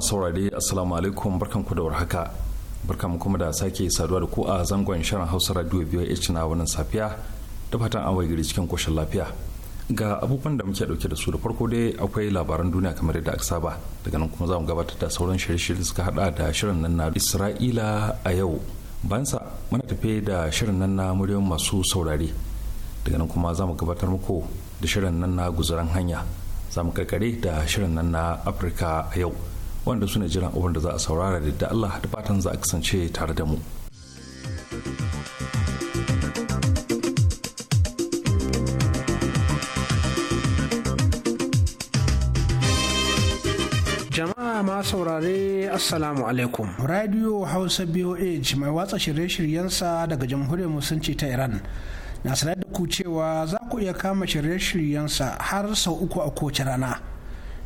saurare assalamu alaikum barkan ku da warhaka barkan kuma da sake saduwa da ku a zangon shirin hausa radio voh na wannan safiya da fatan an waigiri cikin koshin lafiya ga abubuwan da muke dauke da su da farko dai akwai labaran duniya kamar yadda aka saba daga nan kuma za mu gabatar da sauran shirye-shirye suka hada da shirin nan na isra'ila a yau bansa muna tafe da shirin nan na muryoyin masu saurare daga nan kuma za mu gabatar muku da shirin nan na guzaran hanya za mu karkare da shirin nan na afirka a yau wanda su jiran abin da za a saurara da Allah da fatan za a kasance tare da mu. jama'a ma saurare assalamu alaikum radio hausa boh mai watsa shirye-shiryensa daga jamhuriyar musulunci ta iran na sanar da ku cewa za ku iya kama shirye-shiryensa har sau uku a kowace rana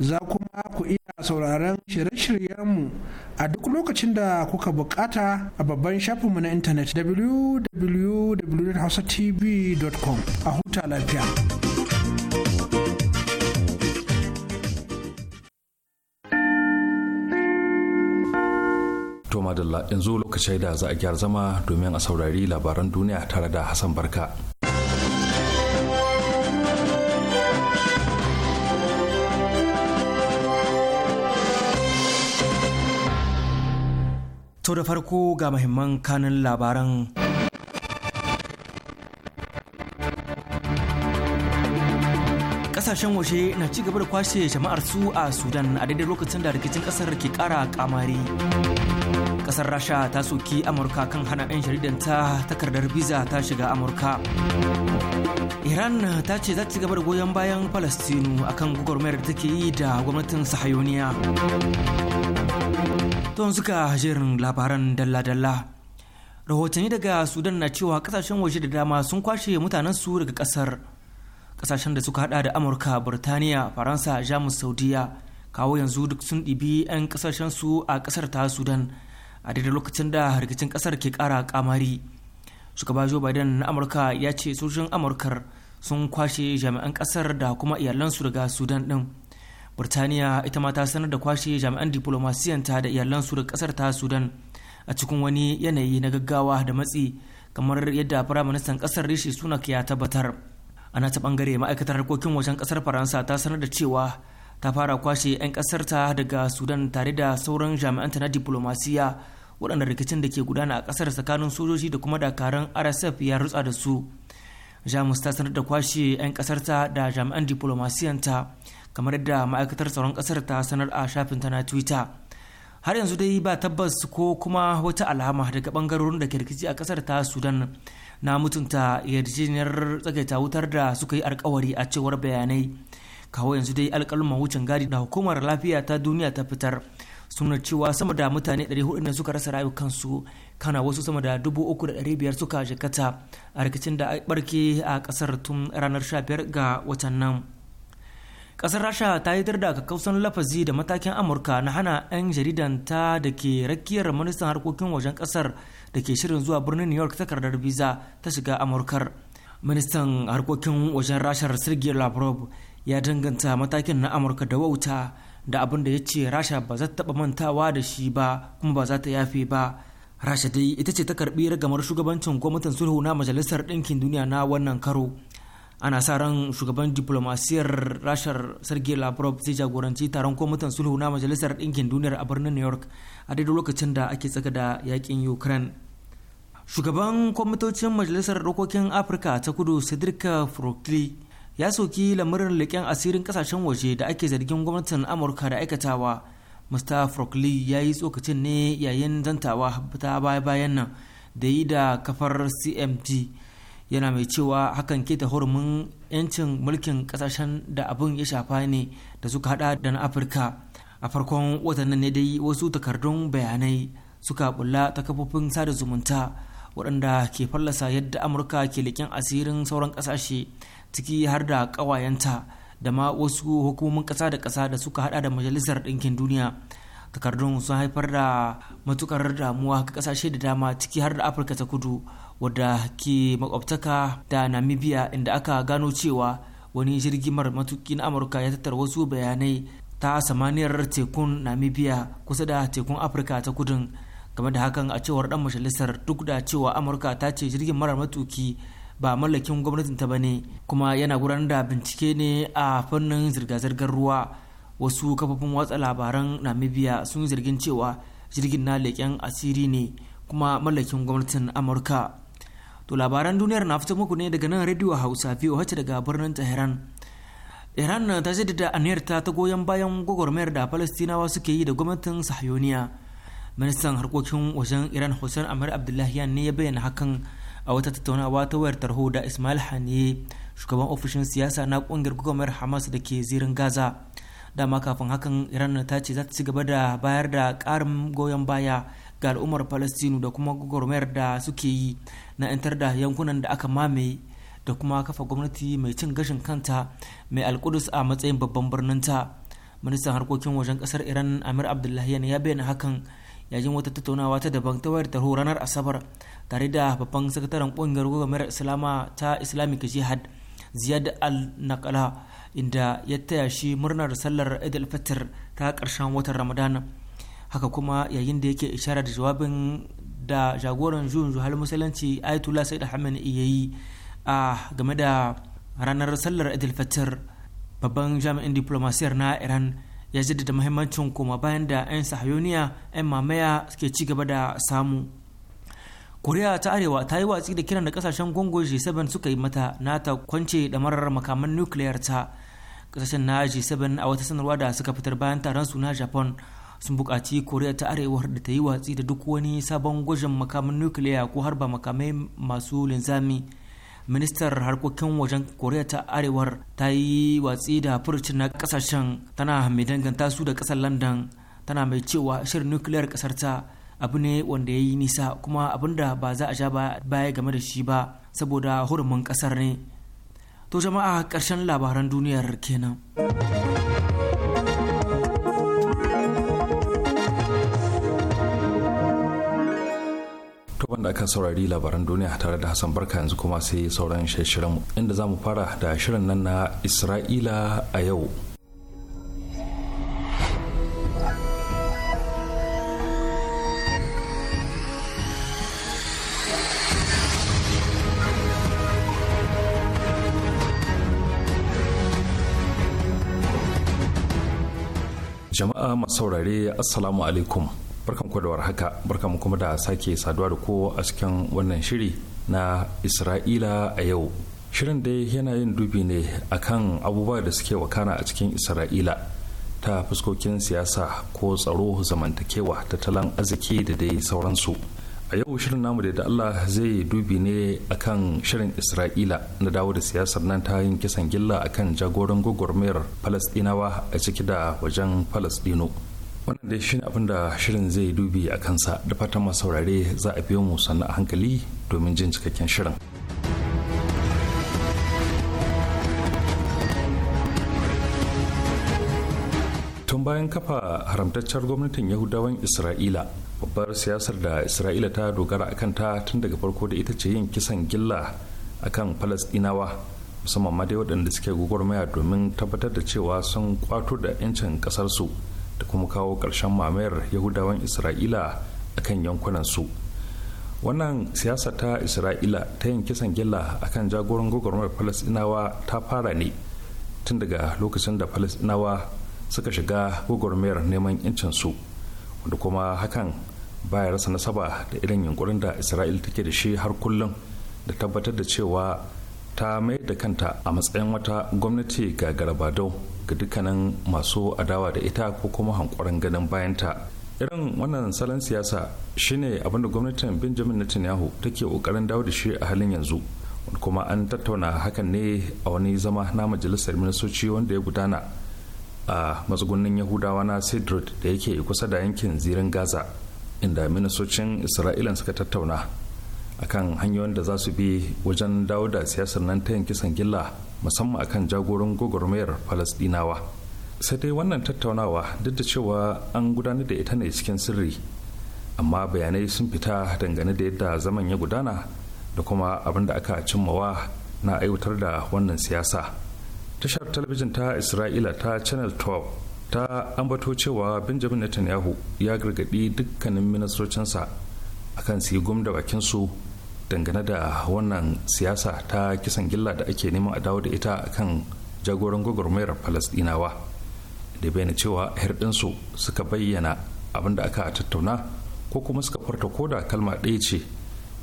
za kuma ku iya sauraron shirye-shiryenmu a duk lokacin da kuka bukata a babban shafinmu na intanet www.hausatv.com a huta lafiya. Toma Dalla yanzu lokacin da za a gyara zama domin a saurari labaran duniya tare da Hassan Barka. To da farko ga mahimman kanin labaran. Kasashen waje na ci gaba da kwashe jama'ar su a Sudan a daidai lokacin da rikicin ƙasar ke kara kamari. Ƙasar Rasha ta soki Amurka kan hana 'yan jaridanta takardar biza ta shiga Amurka. Iran ta ce za ta gaba da goyon bayan Falastinu akan gwagwarmayar da take yi da gwamnatin Sahayoniya. Don suka jirin labaran dalla-dalla. Rahotanni daga Sudan na cewa kasashen waje da dama sun kwashe mutanen su daga kasar. Kasashen da suka hada da Amurka, Burtaniya, Faransa, Jamus, Saudiya, kawo yanzu duk sun ɗibi 'yan kasashen su a kasar ta Sudan a daidai lokacin da rikicin kasar ke ƙara kamari. Shugaba Joe Biden na Amurka ya ce sojojin Amurkar sun kwashe jami'an kasar da kuma iyalansu daga Sudan ɗin. birtaniya ita ma ta sanar da kwashe jami'an diplomasiyanta da su da kasar ta sudan a cikin wani yanayi na gaggawa da matsi kamar yadda firaministan kasar rishi sunak ya tabbatar ana ta bangare ma'aikatar harkokin wajen kasar faransa ta sanar da cewa ta fara kwashe 'yan kasarta daga sudan tare da sauran jami'anta na diplomasiya waɗanda rikicin da ke gudana a kasar tsakanin sojoji da kuma dakarun rsf ya rutsa da su jamus ta sanar da kwashe 'yan kasarta da jami'an diplomasiyanta kamar yadda ma'aikatar tsaron kasar ta sanar a shafin ta na twitter har yanzu dai ba tabbas ko kuma wata alama daga bangarorin da ke rikici a kasar ta sudan na mutunta yarjejeniyar tsakaita wutar da suka yi alkawari a cewar bayanai kawo yanzu dai alkalin wucin gadi da hukumar lafiya ta duniya ta fitar suna cewa sama da mutane 400 ne suka rasa rayukansu kana wasu sama da 3,500 suka jikata a rikicin da barke a kasar tun ranar 15 ga watan nan. kasar rasha ta yi da kakkausan lafazi da matakin amurka na hana 'yan jaridan da ke rakiyar ministan harkokin wajen kasar da ke shirin zuwa birnin new york takardar visa ta shiga amurkar ministan harkokin wajen rashar sergei lavrov ya danganta matakin na amurka da wauta da abin da ya ce rasha ba za ta taɓa mantawa da shi ba kuma ba za ta yafe ba rasha dai ita ce ta karbi ragamar shugabancin gwamnatin sulhu na majalisar ɗinkin duniya na wannan karo ana sa ran shugaban diplomasiyar rashar sergei lavrov zai jagoranci taron kwamitin sulhu na majalisar ɗinkin duniyar a birnin new york a daidai lokacin da ake tsaka da yakin ukraine shugaban kwamitocin majalisar dokokin afirka ta kudu cedric frotli ya soki lamarin leƙen asirin ƙasashen waje da ake zargin gwamnatin amurka da aikatawa mr frokli ya yi tsokacin ne yayin zantawa ta baya-bayan nan da yi da kafar cmt yana mai cewa hakan ke ta hurumin 'yancin mulkin kasashen da abin ya shafa ne da suka hada da na afirka a farkon watannin ne dai wasu takardun bayanai suka bulla ta kafofin sada zumunta waɗanda ke fallasa yadda amurka ke leƙen asirin sauran ƙasashe ciki har da ƙawayenta da ma wasu hukumomin ƙasa da ƙasa da suka hada da majalisar ɗinkin duniya takardun sun haifar da matukar damuwa ga ƙasashe da dama ciki har da afirka ta kudu wadda ke makwabtaka da namibia inda aka gano cewa wani jirgi mara matukin amurka ya tattara wasu bayanai ta samaniyar tekun namibia kusa da tekun afirka ta kudin game da hakan a cewar dan majalisar duk da cewa amurka ta ce jirgin mara matuki ba mallakin gwamnatin ta bane kuma yana gudanar da bincike ne a fannin zirga-zirgar ruwa wasu kafofin watsa labaran namibia sun zargin cewa jirgin na leƙen asiri ne kuma mallakin gwamnatin amurka To labaran duniyar na fito muku ne daga nan rediyo Hausa wacce daga birnin Tehran. Iran ta jaddada aniyarta ta goyon bayan gwagwarmayar da Falastinawa suke yi da gwamnatin Sahiyoniya. Ministan harkokin wajen Iran Hussein Amir Abdullahian ne ya bayyana hakan a wata tattaunawa ta wayar tarho da Ismail Haniye shugaban ofishin siyasa na kungiyar gwagwarmayar Hamas da ke zirin Gaza. dama kafin hakan iran ta ce za ta ci gaba da bayar da karin goyon baya ga al'ummar palestinu da kuma gwagwarmayar da suke yi na 'yantar da yankunan da aka mamaye da kuma kafa gwamnati mai cin gashin kanta mai alkudus a matsayin babban birnin ta ministan harkokin wajen kasar iran amir abdullahi abdullahian ya bayyana hakan yayin wata tattaunawa ta daban ta wayar taho ranar asabar tare da babban sakataren kungiyar gwamnatin islama ta islamic jihad ziyad al nakala inda ya taya shi murnar sallar idil fitr ta karshen watan ramadana haka kuma yayin da yake isharar da jawabin da jagoran juyin zuhal musulunci ayatollah da hamani iya yi a game da ranar sallar idil fatir babban jami'in diplomasiyar na iran ya jaddada mahimmancin koma bayan da 'yan sahayoniya 'yan mamaya suke ci gaba da samu koriya ta arewa ta yi watsi da kiran da kasashen gongo g7 suka yi mata na ta da marar makaman nukiliyar ta kasashen na g7 a wata sanarwa da suka fitar bayan taron su na japan sun buƙaci koriya ta arewar da ta yi watsi da duk wani sabon gwajin makamin nukiliya ko harba makamai masu linzami ministar harkokin wajen koriya ta arewar ta yi watsi da furucin na kasashen tana mai danganta su da kasar london tana mai cewa shirin nukiliyar kasar ta abu ne wanda ya yi nisa kuma abin da ba za a sha baya game da shi ba saboda hurumin kasar ne to jama'a karshen labaran duniyar kenan wanda aka saurari labaran duniya tare da hassan barka yanzu kuma sai sauran shirin inda za mu fara da shirin nan na isra'ila a yau jama'a masu saurare assalamu alaikum barkan ku da haka barkan mu kuma da sake saduwa da ku a cikin wannan shiri na isra'ila a yau shirin dai yana yin dubi ne akan abubuwa da suke wakana a cikin isra'ila ta fuskokin siyasa ko tsaro zamantakewa tattalin arziki da dai sauransu a yau shirin namu da Allah zai dubi ne akan shirin Isra'ila na dawo da siyasar nan ta yin kisan gilla akan jagoran gwagwarmayar Falasɗinawa a ciki da wajen Falasɗino. wannan shi shine abin da shirin zai dubi a kansa da fatan masu saurare za a biyo mu sannan a hankali domin jin cikakken shirin tun bayan kafa haramtaccen gwamnatin yahudawan isra'ila babbar siyasar da isra'ila ta dogara akan ta tun daga farko da ita ce yin kisan gilla akan falasdinawa musamman ma dai waɗanda suke gwagwarmaya domin tabbatar da cewa sun kwato da 'yancin ƙasarsu da kuma kawo ƙarshen mamayar yahudawan isra'ila a kan su wannan siyasa ta isra'ila ta yin kisan gilla a kan jagoran gwagwarmar falasinawa ta fara ne tun daga lokacin da falasinawa suka shiga gwagwarmayar neman su wanda kuma hakan baya rasa nasaba da irin yunkurin da isra'ila take da shi har kullum da tabbatar da cewa ta mai da kanta a matsayin wata gwamnati ga garabadau ga dukkanin masu adawa da ita ko kuma hankoron ganin bayanta irin wannan salon siyasa shine abinda gwamnatin benjamin netanyahu take kokarin dawo da shi a halin yanzu kuma an tattauna hakan ne a wani zama na majalisar ministoci wanda ya gudana a matsugunnin yahudawa na sidrut da yake kusa da yankin zirin gaza inda ministocin isra'ila suka tattauna akan hanyoyin da za su bi wajen dawo da siyasar nan ta kisan gilla musamman akan jagoran gwagwarmayar falasdinawa sai dai wannan tattaunawa duk da cewa an gudanar da ita ne cikin sirri amma bayanai sun fita dangane da yadda zaman ya gudana da kuma abin da aka cimmawa na aiwatar da wannan siyasa tashar talabijin ta isra'ila ta channel 12 ta ambato cewa benjamin netanyahu ya gargadi dukkanin ministocinsa akan su yi gum da bakinsu dangane da wannan siyasa ta kisan gilla da ake neman a dawo da ita kan jagoran gwagwarmayar falasdinawa da bayyana cewa hirɗinsu suka bayyana abin da aka tattauna ko kuma suka ko da kalma ɗaya ce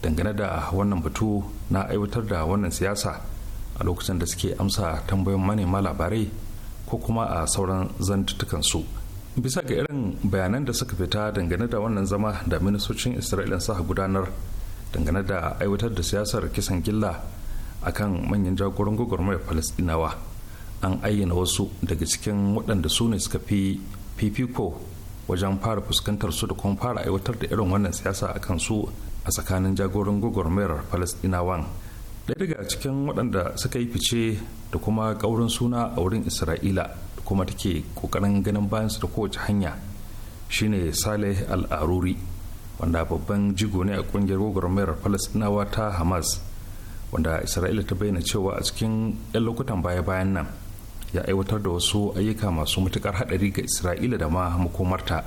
dangane da wannan batu na aiwatar da wannan siyasa a lokacin da suke amsa tambayoyin manema labarai ko kuma a sauran zantutukansu bisa ga irin bayanan da suka fita dangane da wannan zama da ministocin isra'ila sa gudanar dangane da aiwatar da siyasar kisan gilla a kan manyan jagoran gwagwarmayar falasdinawa an ayyana wasu daga cikin waɗanda su ne suka fi fifiko wajen fara fuskantar su da kuma fara aiwatar da irin wannan siyasa a kan su a tsakanin jagoran gwagwarmayar falastinawan ɗaya daga cikin waɗanda suka yi fice da kuma ƙaurin suna a wurin isra'ila da kuma take ƙoƙarin ganin bayansu da kowace hanya shine saleh al'aruri wanda babban jigo ne a kungiyar gwagwarmayar falastinawa ta hamas wanda isra'ila ta bayyana cewa a cikin 'yan lokutan baya-bayan nan ya aiwatar da wasu ayyuka masu matukar hadari ga isra'ila da ma makomarta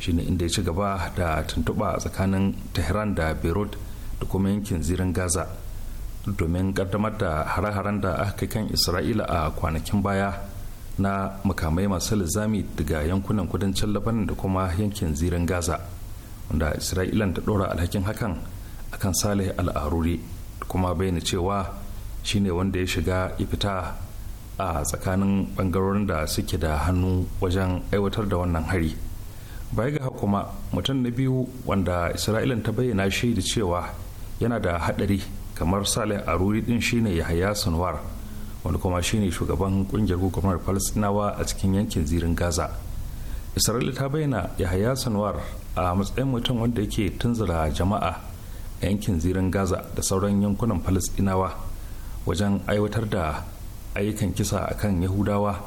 shine inda ya ci gaba da tuntuɓa tsakanin tehran da beirut da kuma yankin zirin gaza domin kaddamar da hare-haren da aka kan isra'ila a kwanakin baya na makamai masu lizami daga yankunan kudancin labanin da kuma yankin zirin gaza wanda isra'ilan ta dora alhakin hakan akan salih al'aruri kuma bayyana cewa shine wanda ya shiga ya fita a tsakanin bangarorin da suke da hannu wajen aiwatar da wannan hari baya ga kuma mutum na biyu wanda isra'ilan ta bayyana shi da cewa yana da hadari kamar salih aruri din shine yahaya sanwar wanda kuma shine shugaban kungiyar hukumar falastinawa a cikin yankin zirin gaza isra'ila ta bayyana yahaya sanwar a matsayin mutum wanda yake tunzura jama'a a yankin zirin gaza da sauran yankunan falasdinawa wajen aiwatar da ayyukan kisa akan yahudawa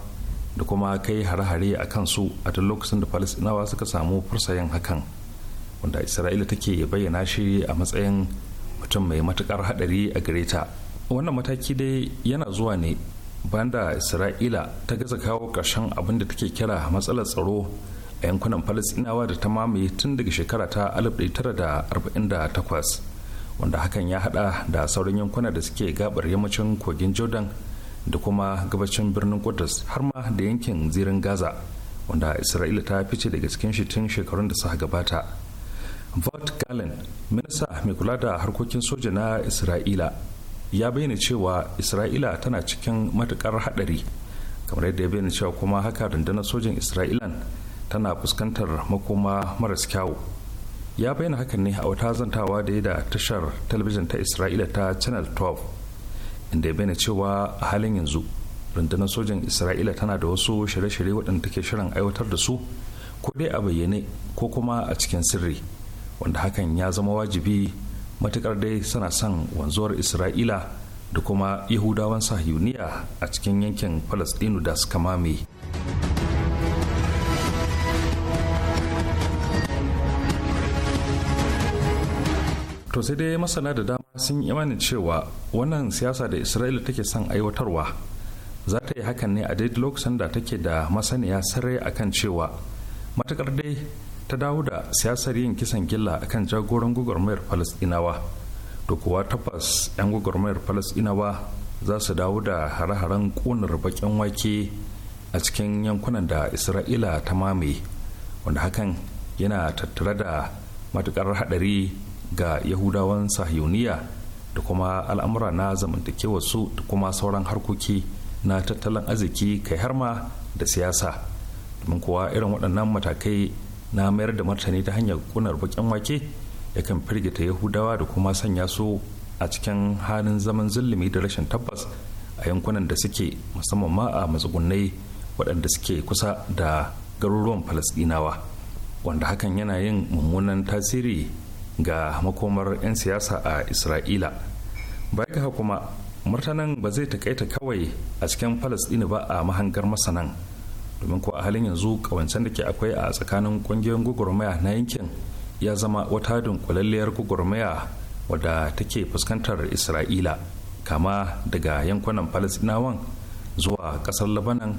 da kuma kai hare-hare a kansu a duk lokacin da falasdinawa suka samu fursayin hakan wanda isra'ila take bayyana shi a matsayin mutum mai matukar hadari a gare ta wannan mataki dai yana zuwa ne banda isra'ila ta gaza kawo ƙarshen abin da take kira matsalar tsaro a yankunan falasinawa da ta mamaye tun daga shekara ta 1948 wanda hakan ya hada da sauran yankuna da suke gabar yammacin kogin jordan da kuma gabacin birnin Qudus har ma da yankin zirin Gaza wanda Isra'ila ta fice daga cikin shi tun shekarun da suka gabata. Vought Galen, minista mai kula da harkokin soja na Isra'ila, ya bayyana cewa isra'ila tana cikin matukar hadari kamar yadda ya bayyana cewa kuma haka rundunar sojin isra'ilan tana fuskantar makoma maras kyawu ya bayyana hakan ne a wata zantawa da ya da tashar talabijin ta isra'ila ta channel 12 inda ya bayyana cewa a halin yanzu rundunar sojin isra'ila tana da wasu shirye-shirye waɗanda take shirin aiwatar da su ko dai a bayyane ko kuma a cikin sirri wanda hakan ya zama wajibi matukar dai suna son wanzuwar isra'ila da kuma yahudawan sahiyuniya a cikin yankin palestinu da suka mame to sai dai masana da dama sun yi imanin cewa wannan siyasa da isra'ila take son aiwatarwa za ta yi hakan ne a daidai lokacin da take da masaniya sarai akan cewa matukar dai ta dawo da siyasar yin kisan gilla akan jagoran gwagwarmayar falasɗinawa da kuwa tabbas 'yan gwagwarmayar falasdinawa za su dawo da hare-haren ƙunar baƙin wake a cikin yankunan da isra'ila ta mame wanda hakan yana tattare da matuƙar haɗari ga yahudawan sahiyoniya da kuma al'amura na su da kuma sauran harkoki na tattalin arziki kai har ma da siyasa domin kuwa irin waɗannan matakai na mayar da martani ta hanyar kunar bakin wake da kan firgita yahudawa da kuma sanya su a cikin halin zaman zulumi da rashin tabbas a yankunan da suke musamman ma a matsugunai waɗanda suke kusa da garuruwan falasɗinawa wanda hakan yana yin mummunan tasiri ga makomar 'yan siyasa a isra'ila ba ga kuma martanan ba zai takaita kawai a cikin falasɗini ba a mahangar masanan domin ko a halin yanzu kawancen da ke akwai a tsakanin kungiyoyin gwagwarmaya na yankin ya zama wata dunkulalliyar gwagwarmaya wadda take fuskantar isra'ila kama daga yankunan palestinawan zuwa kasar labanan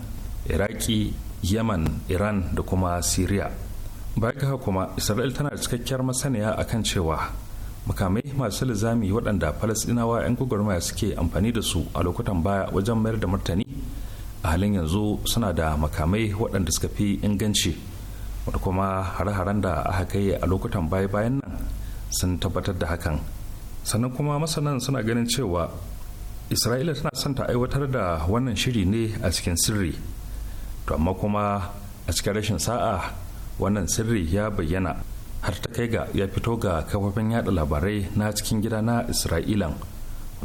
iraki yaman iran da kuma syria bayan haka kuma isra'il tana da cikakkiyar masaniya akan cewa makamai masu lizami waɗanda palestinawa 'yan gwagwarmaya suke amfani da su a lokutan baya wajen mayar da martani a halin yanzu suna da makamai waɗanda suka fi inganci wata kuma hare-haren da aka kai a lokutan baya-bayan nan sun tabbatar da hakan sannan kuma masanan suna ganin cewa isra'ila tana son ta aiwatar da wannan shiri ne a cikin sirri to amma kuma a cikin rashin sa'a wannan sirri ya bayyana har ta kai ga ya fito ga kafafen yada labarai na cikin gida na isra'ilan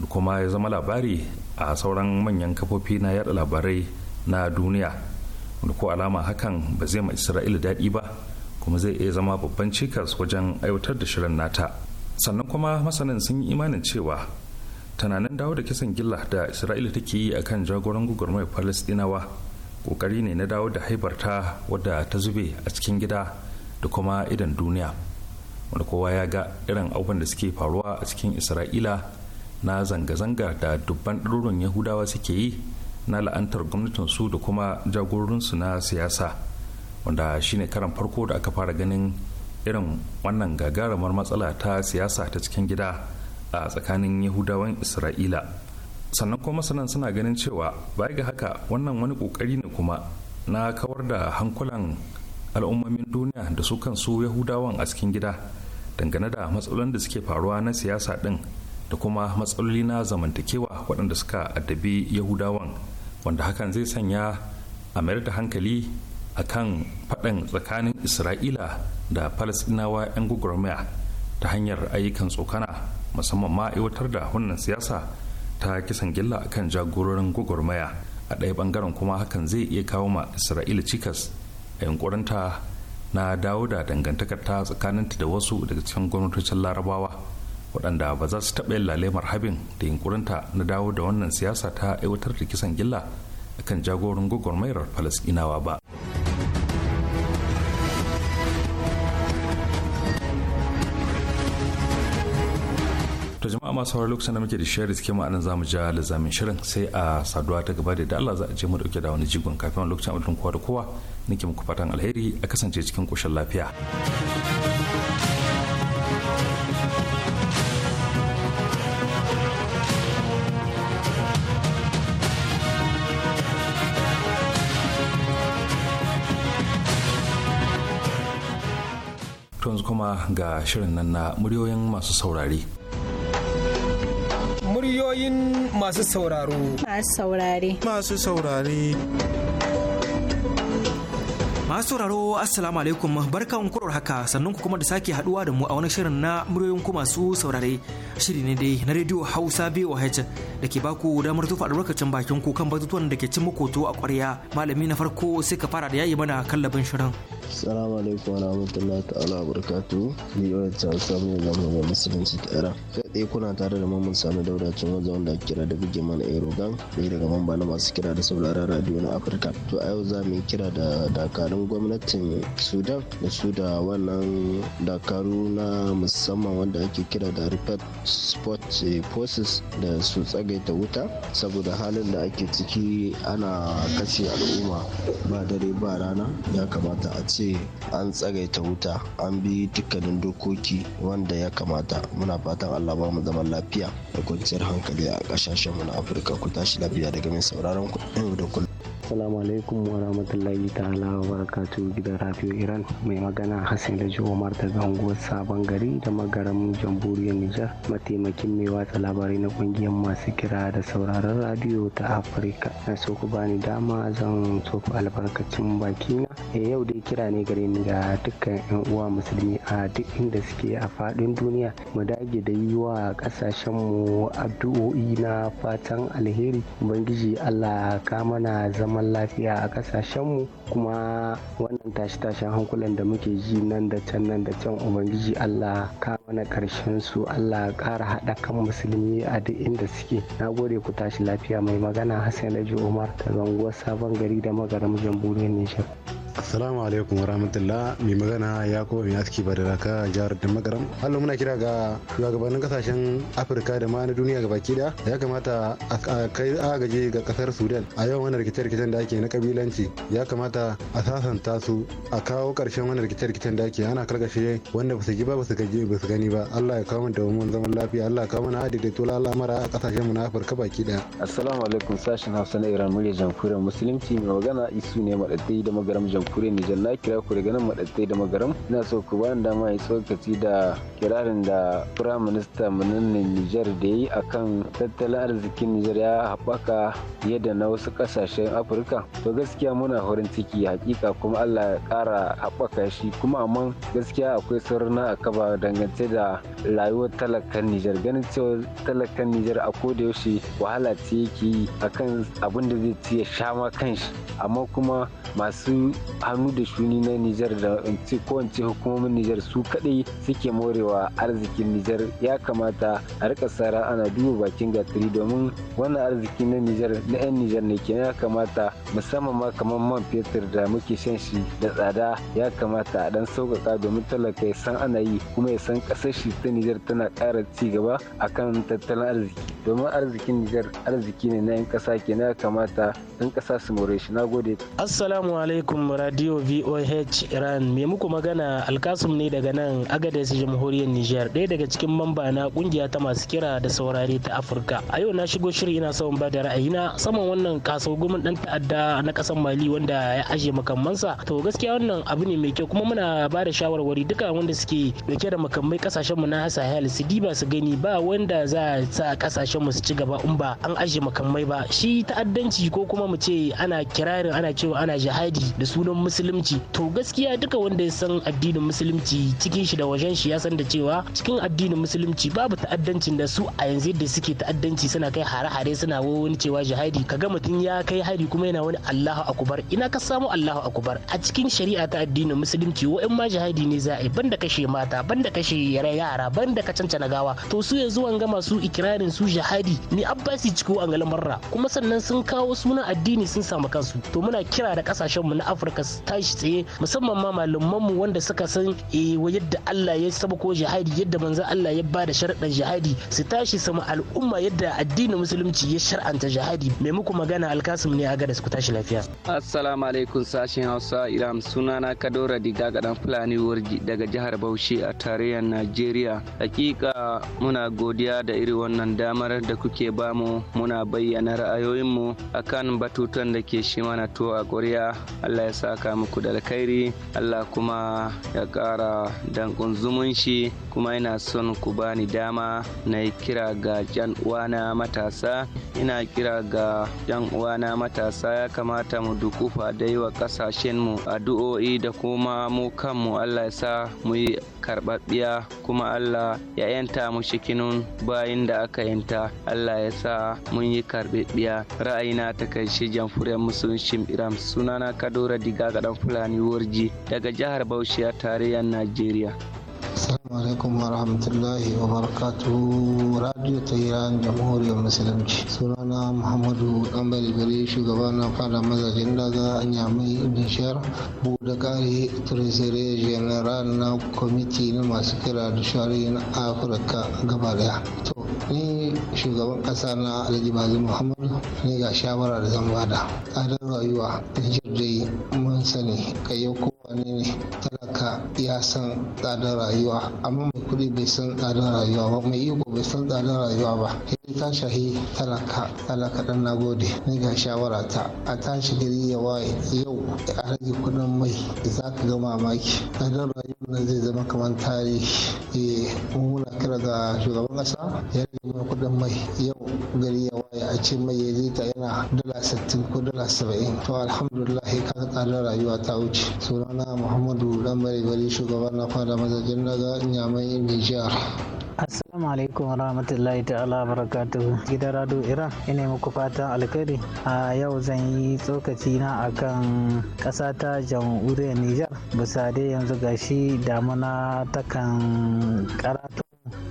kuma ya zama labari a sauran manyan kafofi na yada labarai na duniya wanda ko alama hakan ba zai ma isra'ila daɗi ba kuma zai iya zama babban cikas wajen aiwatar da shirin nata sannan kuma masanin sun yi imanin cewa tunanin dawo da kisan gilla da isra'ila take yi a kan jagoran gugurmai falastinawa kokari ne na dawo da haibarta wadda ta zube a cikin gida da kuma idan duniya wanda kowa ya ga irin abubuwan da suke faruwa a cikin isra'ila na zanga-zanga da dubban ɗarurin yahudawa suke yi na la'antar gwamnatinsu da kuma jagororinsu na siyasa wanda shine karan farko da aka fara ganin irin wannan gagarumar matsala ta siyasa ta cikin gida a tsakanin yahudawan isra'ila sannan kuma masanan suna ganin cewa baya ga haka wannan wani kokari ne kuma na kawar da hankulan al'ummomin duniya da su kansu yahudawan a cikin gida dangane da matsalolin da suke faruwa na siyasa din da kuma matsaloli na zamantakewa waɗanda suka addabi yahudawan wanda hakan zai sanya a mayar da hankali a kan faɗan tsakanin isra'ila da falasɗinawa 'yan gwagwarmaya ta hanyar ayyukan tsokana musamman ma aiwatar da wannan siyasa ta kisan gilla a kan jagororin gwagwarmaya a ɗaya ɓangaren kuma hakan zai iya kawo ma isra'ila cikas a yankurinta na dawo da dangantakar tsakaninta da wasu daga cikin gwamnatocin larabawa waɗanda ba za su taɓa yin lalemar habin da yunkurinta na dawo da wannan siyasa ta aiwatar da kisan gilla a kan jagorin gwagwarmayar falasɗinawa ba to jama'a masu hawar lokacin da muke da shirin suke ma'anin zamu ja lizamin shirin sai a saduwa ta gaba da da Allah za a je mu dauke da wani jigon kafin lokacin abin kowa da kowa nake muku fatan alheri a kasance cikin koshin lafiya. kuma ga shirin nan na muryoyin masu saurari. Muryoyin masu sauraro. Masu saurare. Masu saurare. masu sauraro assalamu alaikum barkan kurar haka sannan ku kuma da sake haduwa da mu a wani shirin na muryoyin ku masu saurare shiri ne dai na rediyo hausa boh da ke baku damar tufa albarkacin bakin ku kan batutuwan da ke cin makoto a kwarya malami na farko sai ka fara da yayi mana kallabin shirin Assalamu alaikum wa rahmatullahi ta'ala wa barakatuhu. Ni yau ta samu ne zama ga musulunci ta ira. Kai kuna tare da mamman sani daura cin wajen wanda ake kira da buge mana Erogan, ɗaya daga mamba na masu kira da sauraron radiyo na Afirka. To a yau za mu yi kira da dakarun gwamnatin Sudan da su da wannan dakaru na musamman wanda ake kira da rifat Sport Forces da su tsagaita wuta saboda halin da ake ciki ana kashe al'umma ba dare ba rana ya kamata a ci ce an tsagaita wuta an bi dukkanin dokoki wanda ya kamata muna fatan allah ba mu zaman lafiya da kwanciyar hankali a mu na afirka ku tashi lafiya daga mai sauraron ku da kullum assalamu alaikum wa rahmatullahi ta'ala wa barakatu gidan radio iran mai magana hassan laji omar daga unguwar sabon gari da magaram jamhuriyar nijar mataimakin mai watsa labarai na kungiyar masu kira da sauraron radiyo ta afirka na so ku bani dama zan ku albarkacin baki na? Eh, yau dai kira ne gare ni ga dukkan yan uwa musulmi a duk inda suke a faɗin duniya mu dage da yi wa mu addu'o'i na fatan alheri ubangiji allah ka mana zama zaman lafiya a kasashenmu kuma wannan tashi-tashen hankulan da muke ji nan da can nan da can ubangiji allah ka wani karshen su Allah ya ƙara haɗa kan musulmi a duk inda suke na gode ku tashi lafiya mai magana Hassan Laji Umar ta zanguwar Sabon Gari da Magaram Jamhuriyar Nijar. Assalamu alaikum wa rahmatullah mai magana ya kuma mai aski ba da raka jihar da magaram. allah muna kira ga shugabannin kasashen Afirka da ma na duniya gabaki da ya kamata a kai agaji ga kasar Sudan a yawan wannan rikice-rikicen da ake na kabilanci ya kamata a sasanta su a kawo karshen wannan rikice-rikicen da ake ana karkashe wanda ba su ji ba ba su gaji ba su gani ba Allah ya kawo da mu zaman lafiya Allah ya kawo na hadi da tola al'amara a kasashen mu na Afirka baki daya assalamu alaikum sashin Hausa na Iran murya jamhuriyar musulunci mai magana isu ne madaddai da magaram jamhuriyar Nijar na kira ku daga nan madaddai da magaram ina so ku bani dama yi tsokaci da kirarin da Prime Minister munin Nijar da yi akan tattalin arzikin Nijar ya haɓaka yadda na wasu kasashen Afirka to gaskiya muna horin ciki hakika kuma Allah ya kara haɓaka shi kuma amma gaskiya akwai sirrina a kaba dangance da rayuwar talakan Nijar ganin cewa talakan Nijar a koda yaushe wahala ce yake yi akan abin da zai ci ya sha ma kanshi amma kuma masu hannu da shuni na Nijar da ko hukumomin Nijar su kadai suke morewa arzikin Nijar ya kamata a rika sara ana duba bakin gatari domin wannan arziki na Nijar na 'yan Nijar ne ke ya kamata musamman ma kamar man fetur da muke shan shi da tsada ya kamata a dan sauƙaƙa domin talaka ya san ana yi kuma ya san ƙasar shi ta Nijar tana ƙara ci gaba akan tattalin arziki domin arzikin Nijar arziki ne na 'yan ƙasa ke ya kamata 'yan ƙasa su more shi nagode assalamu Assalamu alaikum Radio VOH Iran. Me muku magana Alkasum ne daga nan Agadez Jamhuriyar Nijar, ɗaya daga cikin mamba na kungiya ta masu kira da saurari ta Afirka. A yau na shigo shiri ina son ba da ra'ayina saman wannan kaso gumin dan ta'adda na ƙasar Mali wanda ya aje makamansa. To gaskiya wannan abu ne mai kyau kuma muna ba da shawarwari duka wanda suke dauke da makamai kasashen mu na Sahel su diba su gani ba wanda za a sa kasashen su ci gaba in ba an aje makamai ba. Shi ta'addanci ko kuma mu ce ana kirarin ana cewa ana jihadi da sunan musulunci to gaskiya duka wanda ya san addinin musulunci cikin shi da wajen shi ya san da cewa cikin addinin musulunci babu ta'addancin da su a yanzu da suke ta'addanci suna kai hare-hare suna wani cewa jihadi kaga mutum ya kai hari kuma yana wani Allahu akubar ina ka samu Allahu akubar a cikin shari'a ta addinin musulunci wa'in ma jihadi ne za a yi banda kashe mata banda kashe yara banda ka cancana gawa to su yanzu an gama su ikirarin su jihadi ni abbasi ciko an marra kuma sannan sun kawo sunan addini sun samu kansu to muna kira da kasashen mu na Afirka su tashi tsaye musamman ma malaman mu wanda suka san eh, yadda Allah ya saba jihadi yadda manzon Allah ya bada sharaɗin jihadi su tashi sama al'umma yadda addinin musulunci ya shar'anta jihadi muku magana alkasim ne a gada su tashi lafiya. Assalamu alaikum sashen Hausa Iram sunana Kadora Diga gadan Fulani Warji daga jihar Bauchi a tarayyar Najeriya. Hakika muna godiya da irin wannan damar da kuke bamu muna bayyana ra'ayoyin ra'ayoyinmu akan batutan da ke shi mana to a koriya. Allah ya saka muku da alkhairi Allah kuma ya ƙara danƙun zumunci kuma ina son ku bani dama na kira ga jan uwana matasa ina kira ga jan uwana matasa ya kamata mu dukufa dai wa ƙasashenmu addu'o'i da kuma mu kanmu Allah ya sa mu yi karɓaɓɓiya kuma Allah ya yanta mu cikinun bayin da aka yanta Allah ya sa mun yi karɓaɓɓiya ra'ayina ta kai shi jamfuriyar musuluncin iram sunana Kadora Diga ga Fulani Warji daga jihar Bauchi a tarayyar Najeriya. Assalamu alaikum wa rahmatullahi wa barakatu. Radio ta Jamhuriyar Musulunci. Sunana Muhammadu Ɗanbali Bari Shugaban na fada mazajen daga yi mai Nishar da kare Tresere General na kwamiti na masu kira da shari na Afirka gaba daya. To, ni shugaban ƙasa na Alhaji Bazi Muhammadu ne ga shawara da zan bada. Tsadar rayuwa Nijar dai mun sani kayyau kowane ne talaka ya san tsadar rayuwa rayuwa amma mai kuɗi bai san tsarin rayuwa ba mai iko bai san tsarin rayuwa ba sai ta shahi talaka talaka dan nagode ni ga shawara ta a tashi gari ya waye yau a rage kuɗin mai za ka ga mamaki tsarin rayuwa nan zai zama kamar tarihi eh, muna kira ga shugaban ƙasa ya rage mana kuɗin mai yau gari ya waye a ce mai ya zai ta yana dala sittin ko dala saba'in to alhamdulillah ka tsarin rayuwa ta wuce sunana muhammadu dan bari shugaban na fara mazajen na daga Nyamai Nijar. Assalamu alaikum wa rahmatullahi ta'ala barakatuhu gidan rado Iran ina muku fatan alkhairi a yau zan yi tsokaci na akan ƙasa ta jamhuriyar Nijar bisa dai yanzu gashi damuna kan karatu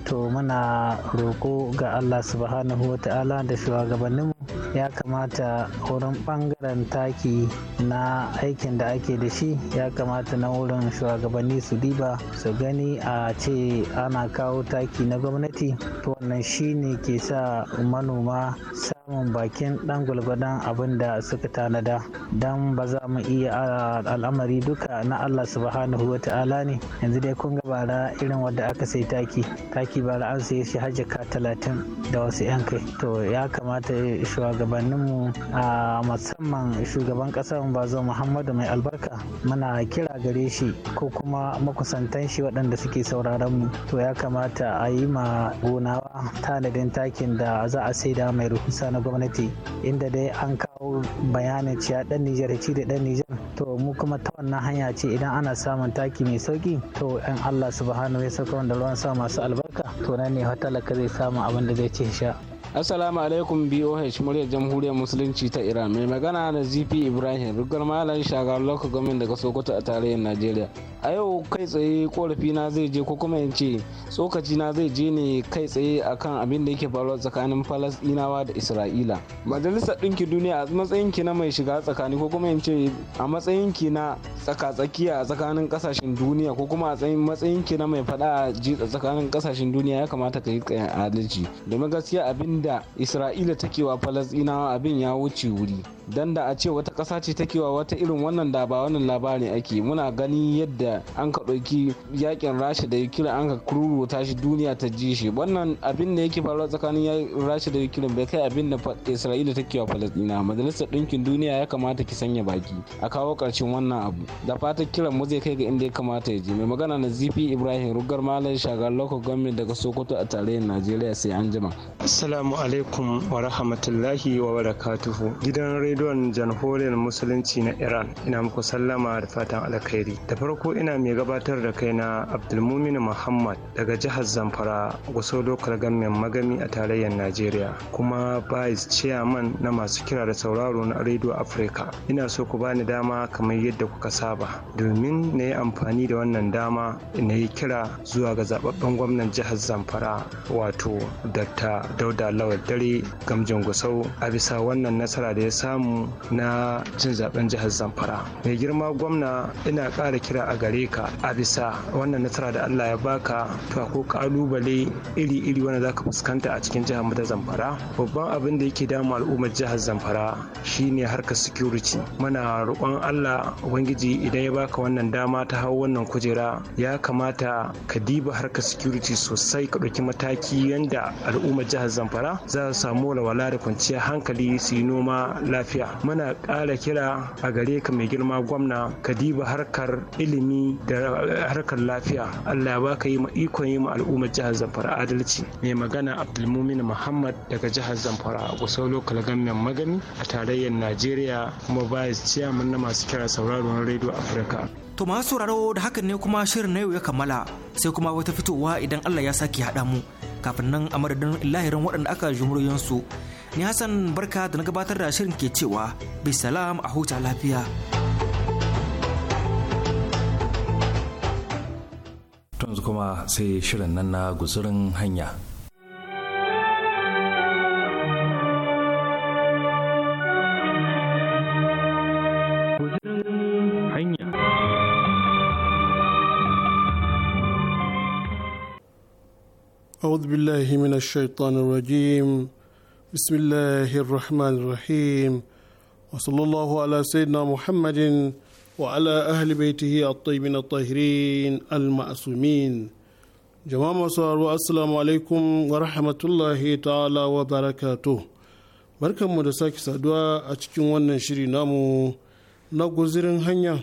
to muna roko ga allah subhanahu wa ta'ala da shugabanninmu ya kamata wurin bangaren taki na aikin da ake da shi ya kamata na wurin shugabanni su diba su gani a ce ana kawo taki na gwamnati to wannan shi ne ke sa manoma samun bakin dan gwalgwadon abin da suka tanada don ba za mu iya al'amari duka na allah subhanahu wa ta'ala ne yanzu dai kun gabara irin wadda aka sai taki taki bara an saye shi har jaka talatin da wasu 'yan kai to ya kamata shugabanninmu a musamman shugaban ƙasar bazo muhammadu mai albarka muna kira gare shi ko kuma makusantan shi waɗanda suke sauraron mu to ya kamata a yi ma gonawa tanadin takin da za a saida mai ruhusa na gwamnati inda dai an kawo bayanin cewa dan Nijar ci da dan Nijar to mu kuma ta wannan hanya ce idan ana samun taki mai sauki to in Allah subhanahu ya saka wanda ruwan sa masu albarka to nan ne talaka zai samu abin da zai ce sha Assalamu alaikum BOH muryar jamhuriyar musulunci ta Iran mai magana na ZP Ibrahim rugar malam shagar local government daga Sokoto a tarayyar Najeriya. A yau kai tsaye korafi na zai je ko kuma in ce tsokaci na zai je ne kai tsaye akan abin da yake faruwa tsakanin Falasɗinawa da Isra'ila. Majalisar ɗinki duniya a matsayin ki na mai shiga tsakani ko kuma in ce a matsayin ki na tsaka-tsakiya a tsakanin kasashen duniya ko kuma a matsayin ki na mai faɗa a tsakanin kasashen duniya ya kamata ka yi adalci domin gaskiya abin da da isra'ila take wa falasɗinawa abin ya wuce wuri dan da a ce wata ƙasa ce take wa wata irin wannan da ba wannan labari ake muna gani yadda an ka ɗauki yakin rasha da ukraine an ka kururuta shi duniya ta ji shi wannan abin da yake faruwa tsakanin rasha da ukraine bai kai abin da isra'ila take wa falasɗina majalisar ɗinkin duniya ya kamata ki sanya baki a kawo ƙarshen wannan abu da fatan kiran mu zai kai ga inda ya kamata ya je mai magana na zifi ibrahim rugar malam shagar local government daga sokoto a tarayyar najeriya sai an jima assalamu Assalamu alaikum wa rahmatullahi wa barakatuhu. Gidan rediyon Janhoriyar Musulunci na Iran ina muku sallama da fatan alkhairi. Da farko ina mai gabatar da kaina Abdulmumin Muhammad daga jihar Zamfara, Gusau Lokal gammen Magami a tarayyar Najeriya, kuma Vice Chairman na masu kira da sauraro na Radio Africa. Ina so ku bani dama kamar yadda kuka saba, domin na yi amfani da wannan dama na yi kira zuwa ga zababben gwamnan jihar Zamfara, wato Dr. Dauda Lawar dare gamjin gusau a bisa wannan nasara da ya samu na cin zaben jihar zamfara mai girma gwamna ina ƙara kira a gare ka a bisa wannan nasara da allah ya baka to ko ƙalubale iri-iri wanda za ka fuskanta a cikin jihar mata zamfara babban abin da yake damu al'ummar jihar zamfara shine harkar security mana roƙon allah ubangiji idan ya baka wannan dama ta hau wannan kujera ya kamata ka diba harkar security sosai ka ɗauki mataki yanda al'ummar jihar zamfara yara za su samu walwala da kwanciyar hankali su yi noma lafiya muna ƙara kira a gare ka mai girma gwamna ka diba harkar ilimi da harkar lafiya allah ya baka yi ma ikon yi ma al'ummar jihar zamfara adalci mai magana abdulmumin muhammad daga jihar zamfara a gusau lokal gannan magani a tarayyar najeriya kuma bayas ciyaman na masu kira sauraron rediyo afirka To masu sauraro da hakan ne kuma shirin na yau ya kammala sai kuma wata fitowa idan Allah ya sake haɗa mu kafin nan a madadin lahirin waɗanda aka jumuriyansu ni hassan barka da na gabatar da shirin ke cewa salam a huta lafiya tunzu kuma sai shirin nan na guzurin hanya أعوذ بالله من الشيطان الرجيم بسم الله الرحمن الرحيم وصلى الله على سيدنا محمد وعلى أهل بيته الطيبين الطاهرين المعصومين جماعة مصار السلام عليكم ورحمة الله تعالى وبركاته barkan mu da sake saduwa a cikin wannan shiri namu na guzirin hanya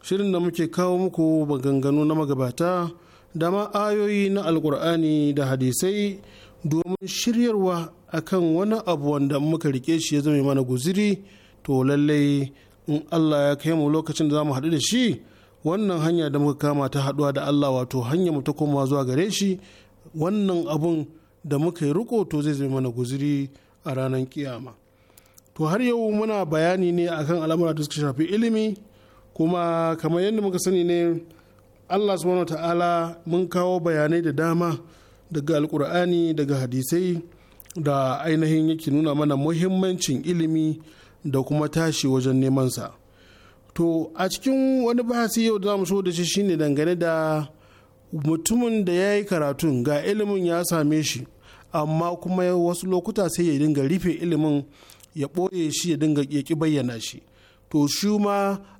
shirin da muke kawo muku maganganu na magabata da ma ayoyi na alkur'ani da hadisai domin shiryarwa akan wani abu wanda muka rike shi ya zama mana guziri to lallai in Allah ya kai mu lokacin da za mu haɗu da shi wannan hanya da muka kama ta haɗuwa da Allah wato hanya mu ta koma zuwa gare shi wannan abun da muka yi riko to zai zama mana guziri a ranar kiyama to har yau muna bayani ne akan al'amura da suka shafi ilimi kuma kamar yadda muka sani ne allah subhanahu ta'ala mun kawo bayanai da dama daga alkur'ani daga hadisai da ainihin yake nuna mana muhimmancin ilimi da kuma tashi wajen neman sa, to a cikin wani bahasi yau da zamu so da shi shine dangane da mutumin da ya yi karatun ga ilimin ya same shi amma kuma wasu lokuta sai ya dinga rufe ilimin ya ɓoye shi ya dinga ƙi bayyana shi to shi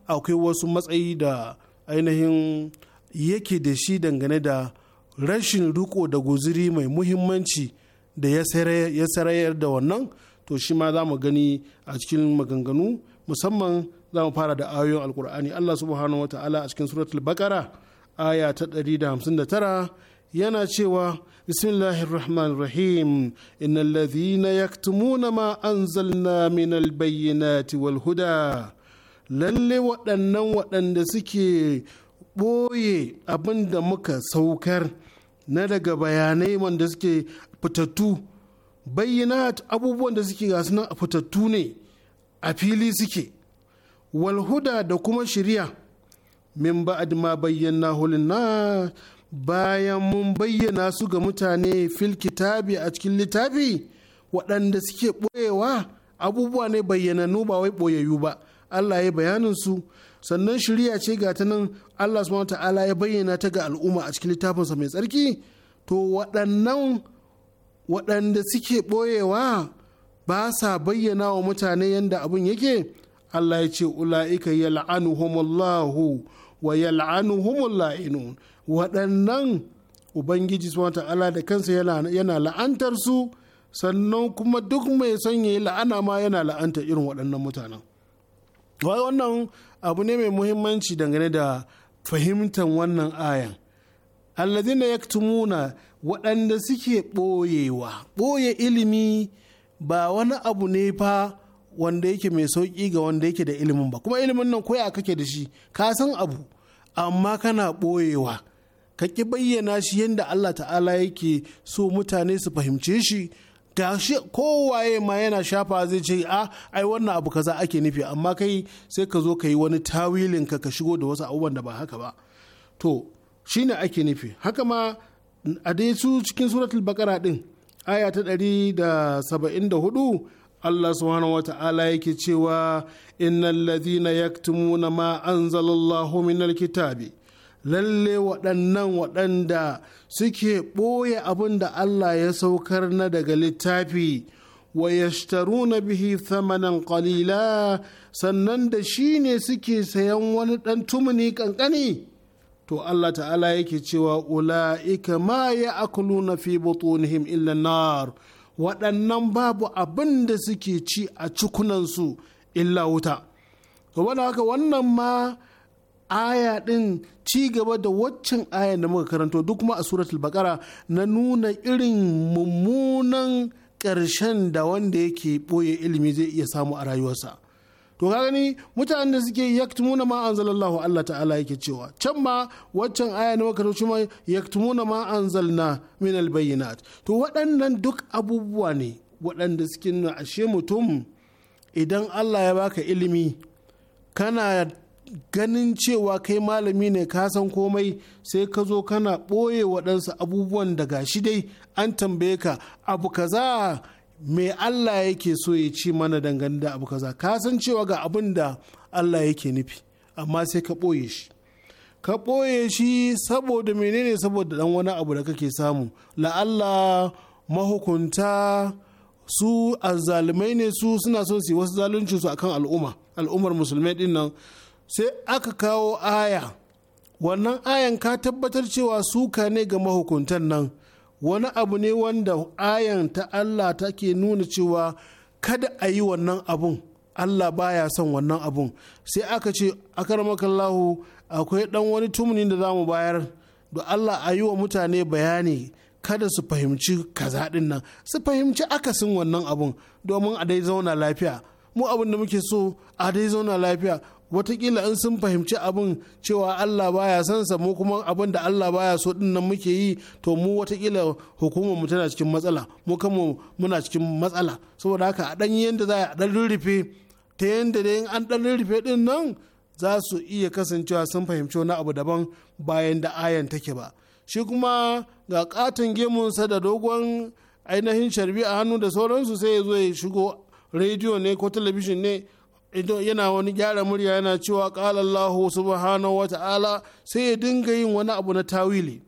akwai wasu matsayi da ainihin yake da shi dangane da rashin riko da guziri mai muhimmanci da ya sarayar da wannan to shi ma za mu gani a cikin maganganu musamman za mu fara da ayoyin alkur'ani allah subhanahu wa ta'ala a cikin suratul bakara aya ta 159 yana cewa bismillahir rahim innal ladhina yaktumuna ma anzalna minal bayyinati wal huda lalle waɗannan waɗanda suke ɓoye abin da muka saukar na daga bayanai wanda suke fitattu bayyana abubuwan da suke gasu nan fitattu ne a fili suke walhuda da kuma shirya min ba'ad ma bayyana huluna. bayan mun bayyana su ga mutane fil kitabi a cikin littafi waɗanda suke ɓoyewa abubuwa ne bayyananu ba wai ɓoyayyu ba Allah ya bayanin su sannan shirya ce ga ta nan Allah subhanahu ta'ala ya bayyana ta ga al'umma a cikin littafinsa mai tsarki to waɗannan waɗanda suke ɓoyewa ba sa bayyana wa mutane yadda abin yake Allah ya ce ula'ika yal'anuhumullahu wa yal'anuhumul waɗannan ubangiji subhanahu ta'ala da kansa yana la'antar su sannan kuma duk mai son yayi la'ana ma yana la'anta irin waɗannan mutanen wannan abu ne mai muhimmanci dangane da fahimtar wannan ayan alladina yaktumuna waɗanda suke ɓoyewa ɓoye ilimi ba wani abu ne fa wanda yake mai sauƙi ga wanda yake da ilimin ba kuma ilimin nan koya kake da shi ka san abu amma kana ɓoyewa ka ƙi bayyana shi yadda Allah ta'ala yake so mutane su fahimce shi gashi kowaye ma yana shafa zai ce a ah, ai wannan abu kaza ake nufi amma kai sai ka zo ka yi wani tawilin ka ka shigo da wasu abubuwan da ba haka ba to shine ake nufi haka ma a dai su cikin suratul bakara din aya ta 174 Allah subhanahu wa ta'ala yake cewa innal ladhina yaktumuna ma anzalallahu minal kitabi lalle waɗannan waɗanda suke ɓoye abin da Allah ya saukar na daga littafi wa na bihi thamanan qalila sannan da shi ne suke sayan wani ɗan tumuni ƙanƙani to Allah ta'ala yake cewa ula'ika ma ya akulu na fi butunihim illa nar waɗannan babu abin da suke ci a cikunansu illa wuta to haka wannan ma aya ɗin ci gaba da waccan aya da muka karanto duk kuma a suratul bakara na nuna irin mummunan ƙarshen da wanda yake ɓoye ilimi zai iya samu a rayuwarsa to ka gani mutanen da suke yaktumuna ma anzalallahu Allah ta'ala yake cewa can ma waccan aya na muka shi ma yaktumuna ma anzalna min albayyinat to waɗannan duk abubuwa ne waɗanda suke nuna ashe mutum idan Allah ya baka ilimi kana ganin cewa kai malami ne ka san komai sai ka zo kana ɓoye waɗansu abubuwan daga shi dai an tambaye ka abu kaza me Allah yake so ya ci mana dangane da abu kaza ka san cewa ga abin da Allah yake nufi amma sai ka ɓoye shi ka ɓoye shi saboda menene saboda dan wani abu da kake samu la'alla mahukunta su azzalumai ne su suna so su yi wasu zaluncinsu su akan al'umma al'ummar musulmai din nan sai aka kawo aya wannan ayan ka tabbatar cewa suka ne ga mahukuntan nan wani abu ne wanda ayan ta Allah take nuna cewa kada a yi wannan abun Allah baya son wannan abun sai aka ce akarmakallahu akwai dan wani tumuni da za mu bayar da Allah a yi wa mutane bayani kada su fahimci kaza din nan su fahimci akasin wannan abun domin a dai zauna lafiya mu abin da muke so a dai zauna lafiya watakila in sun fahimci abin cewa Allah baya son sa mu kuma abin da Allah baya so din nan muke yi to mu watakila hukumar mu tana cikin matsala mu kanmu muna cikin matsala saboda haka a dan yanda za a dan rurrufe ta yanda da an dan rurrufe din nan za su iya kasancewa sun fahimci wani abu daban bayan da ayan take ba shi kuma ga katon gemunsa da dogon ainihin sharbi a hannu da sauransu sai ya zo ya shigo rediyo ne ko talabijin ne yana wani gyara murya yana cewa ƙala Allah subhanahu wa ta'ala sai ya dinga yin wani abu na tawili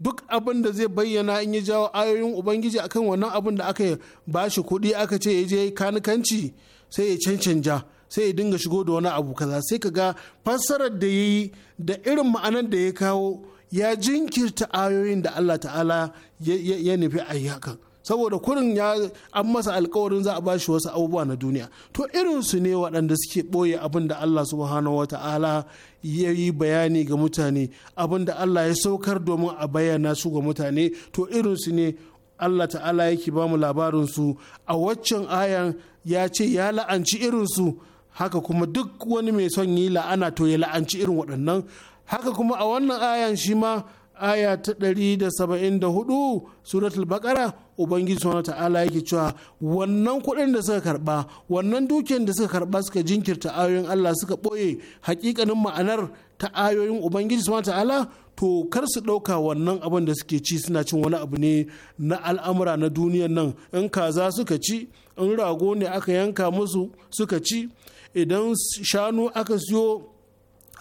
duk abin da zai bayyana in ya jawo ayoyin ubangiji akan wannan abin da aka ba shi kuɗi aka ce ya je kanikanci sai ya cancanja sai ya dinga shigo da wani abu kaza sai ka ga fassarar da ya yi da irin ma'anar da ya kawo ya jinkirta ayoyin da Allah ta'ala ya nufi a hakan saboda kurin ya an masa alkawarin za a ba shi wasu abubuwa na duniya to irinsu ne waɗanda suke ɓoye abin da Allah subhanahu wa ta'ala ya yi bayani ga mutane abin da Allah ya saukar domin a bayyana su ga mutane to irin ne Allah ta'ala yake ba mu labarin su a waccan ayan ya ce ya la'anci irin su haka kuma duk wani mai son yi la'ana to ya la'anci irin waɗannan haka kuma a wannan ayan shi ma aya ta 174 suratul baqara ubangiji subhanahu ta'ala yake cewa wannan kuɗin da suka karba wannan dukiyar da suka karba suka jinkirta ayoyin Allah suka ɓoye hakikanin ma'anar ta ayoyin ubangiji subhanahu ta'ala to kar su ɗauka wannan abin da suke ci suna cin wani abu ne na al'amura na duniyan nan in kaza suka ci in rago ne aka yanka musu suka ci idan shanu aka siyo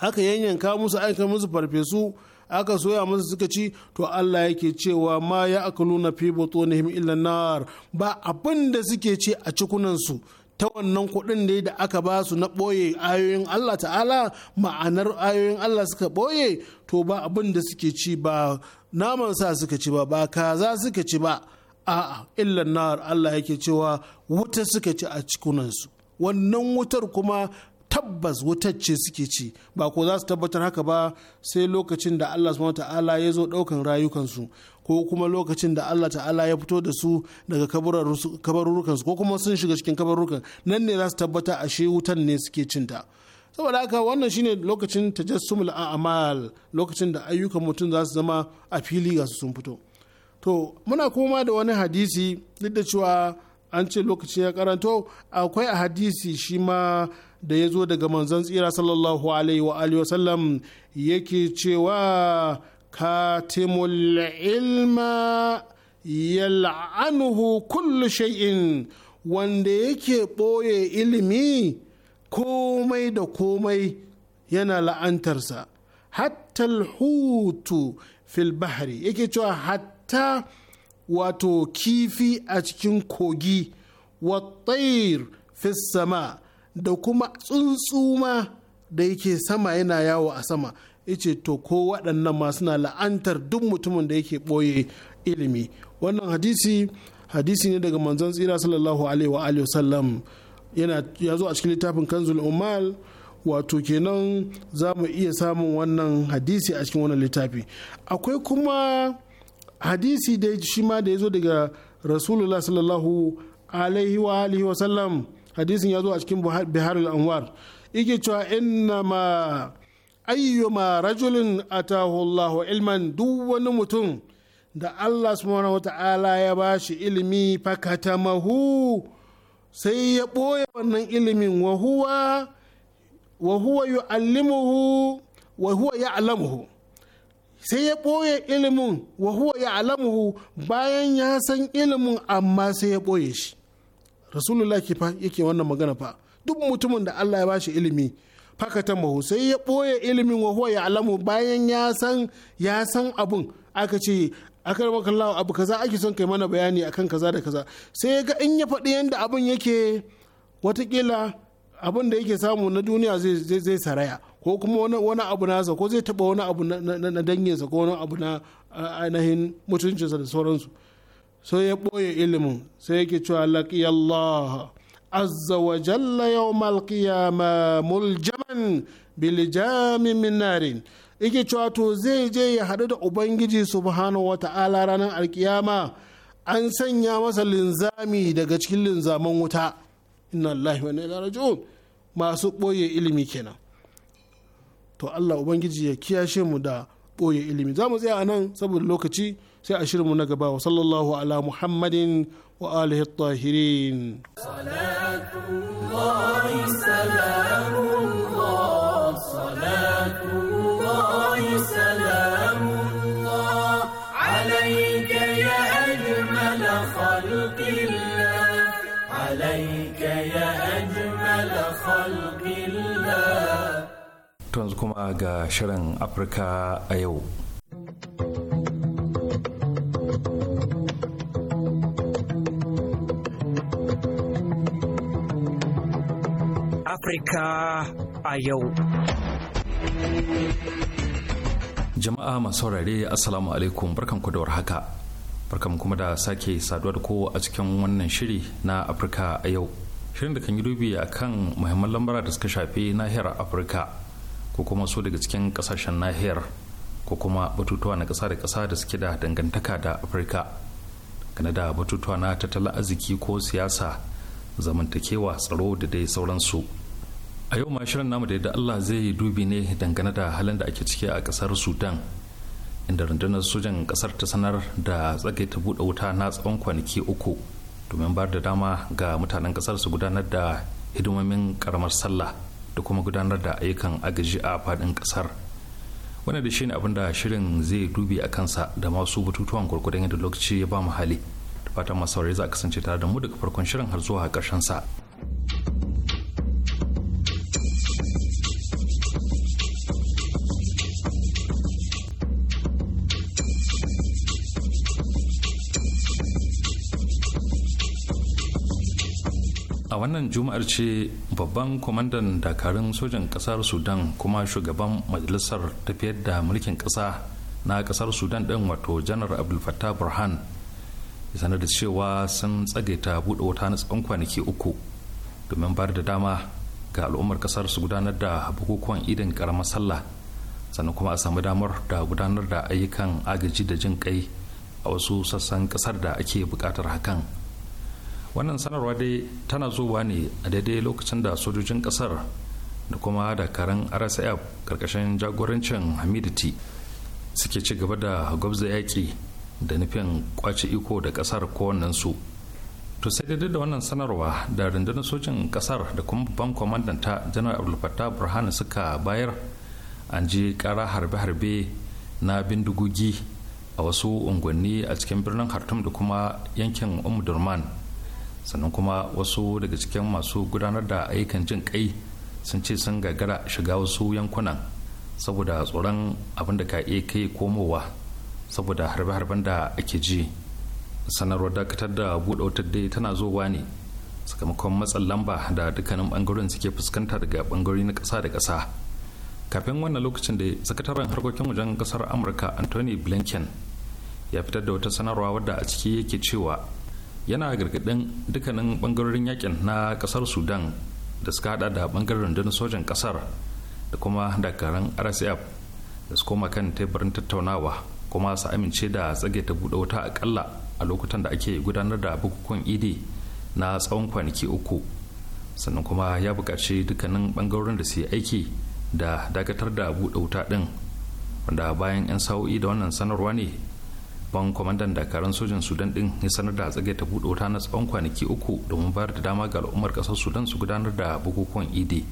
aka yanyanka musu aka musu farfesu aka soya musu suka ci to Allah yake cewa ma ya aka nuna fi butunihim illa nar ba abin da suke ci a cikunan su ta wannan kuɗin ne da aka ba su na ɓoye ayoyin Allah ta'ala ma'anar ayoyin Allah suka ɓoye to ba abin da suke ci ba naman sa suka ci ba ba kaza suka ci ba a'a illa nar Allah yake cewa wuta suka ci a cikunansu wannan wutar kuma tabbas wutar ce suke ci ba ko za su tabbatar haka ba sai lokacin da Allah subhanahu ta'ala ya zo daukan rayukansu ko kuma lokacin da Allah ta'ala ya fito da su daga kabarurukansu ko kuma sun shiga cikin kabarurukan nan ne za su tabbata ashe wutan ne suke cinta saboda haka wannan shine lokacin tajassumul a'mal lokacin da ayyukan mutum za su zama a fili ga su sun fito to muna koma da wani hadisi duk da cewa an ce lokaci ya karanto akwai a hadisi shi ma da ya zo daga manzon tsira sallallahu alaihi wa alihi wasallam yake cewa katimul ilma ya la'anuhu kullu shay'in wanda yake ɓoye ilimi komai da komai yana la'antarsa hatta hutu fil bahri yake cewa hatta wato kifi a cikin kogi tsayir fis sama da kuma tsuntsuma da yake sama yana yawo a sama yace to ko waɗannan ma suna la'antar duk mutumin da yake ɓoye ilimi wannan hadisi hadisi ne daga manzon tsira sallallahu alaihi wa alihi wasallam yana ya zo a cikin littafin kanzul umal wato kenan za mu iya samun wannan hadisi a cikin wannan littafi akwai kuma hadisi da shi ma da ya zo daga rasulullah sallallahu alaihi wa alihi wasallam hadisin ya zo a cikin biharul anwar ike cewa innama ma ayyuma rajulin atahu Allah ilman duk wani mutum da Allah subhanahu wata'ala ya shi ilimi mahu sai ya ɓoye wannan ilimin wa huwa wa huwa sai ya ɓoye ilimin wa huwa alamuhu bayan ya san ilimin amma sai ya ɓoye shi rasulullah ke fa yake wannan magana fa duk mutumin da Allah ya bashi ilimi fakatan mahu sai ya boye ilimin wa ya alamu bayan ya san ya san abun aka ce aka rama kallawa abu kaza ake son kai mana bayani akan kaza da kaza sai ya ga in ya faɗi yadda abun yake watakila abun da yake samu na duniya zai saraya ko kuma wani abu nasa ko zai taba wani abu na danginsa ko wani abu na ainihin mutuncinsa da sauransu sai ya ɓoye ilimin sai yake cewa laƙiyallah azza wa jalla yawmal qiyama muljaman bil jami min narin yake cewa to zai je ya haɗu da ubangiji subhanahu wa ta'ala ranar alƙiyama an sanya masa linzami daga cikin linzaman wuta inna allahi wa inna raji'un masu ɓoye ilimi kenan to Allah ubangiji ya kiyashe mu da ɓoye ilimi za mu tsaya a nan saboda lokaci sai a shirinmu na gaba wa sallallahu ala muhammadin wa alihi tahirin yanzu kuma ga shirin afirka a yau Afirka a yau. Jama'a masu saurare Assalamu alaikum barkanku da warhaka. Barkan kuma da sake saduwa da ko a cikin wannan shiri na Afirka a yau. Shirin da kan yi dubi a kan muhimman lambara da suka shafi nahiyar Afirka ko kuma su daga cikin kasashen nahiyar ko kuma batutuwa na kasa da kasa da suke da dangantaka da afirka gane da batutuwa na tattalin arziki ko siyasa zamantakewa tsaro da dai sauransu a yau ma shirin namu da yadda allah zai yi dubi ne dangane da halin da ake ciki a kasar sudan inda rundunar sojan kasar ta sanar da tsage ta buɗe wuta na tsawon kwanaki uku domin bayar da dama ga mutanen kasar su gudanar da hidimomin karamar sallah da kuma gudanar da ayyukan agaji a faɗin ƙasar wani da shine abin da shirin zai dubi a kansa da masu bututuwan gwargwadon yadda lokaci ya ba mu hali da fatan masu za a kasance tare da mu daga farkon shirin har zuwa ƙarshen sa. wannan juma'ar ce babban kwamandan dakarun sojan kasar sudan kuma shugaban majalisar tafiyar da mulkin kasa na kasar sudan din wato janar abdulfatta burhan ya sanar da cewa sun tsagaita buɗe wuta na tsawon kwanaki uku domin bayar da dama ga al'ummar kasar su gudanar da bukukuwan idin karamar sallah sannan kuma a samu damar da gudanar da ayyukan agaji da jin kai a wasu sassan kasar da ake buƙatar hakan wannan sanarwa dai tana zuwa ne a daidai lokacin da sojojin kasar da kuma da karan rsf karkashin jagorancin hamidati suke ci gaba da gwabza yaƙi da nufin kwace iko da kasar kowannensu to sai daidai da wannan sanarwa da rundunar sojin kasar da kuma babban kwamandanta janar abdulfatta burhanu suka bayar an ji kara harbe-harbe na bindigogi a wasu unguwanni a cikin birnin hartum da kuma yankin umdurman sannan kuma wasu daga cikin masu gudanar da ayyukan jin kai sun ce sun gagara shiga wasu yankunan saboda tsoron abin da ka iya kai komowa saboda harbe-harben da ake ji sanarwar dakatar da buɗe wutar dai tana zowa ne sakamakon matsan lamba da dukkanin bangaren suke fuskanta daga bangarori na kasa da ƙasa kafin wannan lokacin da sakataren harkokin wajen ƙasar amurka anthony blinken ya fitar da wata sanarwa wadda a ciki yake cewa yana gargaɗin dukkanin bangarorin yakin na kasar sudan da suka hada da bangaren rundunar sojan ƙasar da kuma dakarun rsf da su koma kan teburin tattaunawa kuma su amince da tsage ta buɗe wuta akalla a lokutan da ake gudanar da bukukuwan idi na tsawon kwanaki uku sannan kuma ya buƙaci dukkanin bangarorin da su aiki da dakatar da buɗe wuta ɗin wanda bayan 'yan sa'o'i da wannan sanarwa ne ban kwamandan dakarun sojan sudan din ya sanar da tsage ta buɗe wuta na tsawon kwanaki uku domin bayar da dama ga al'ummar kasar sudan su gudanar da bukukuwan idi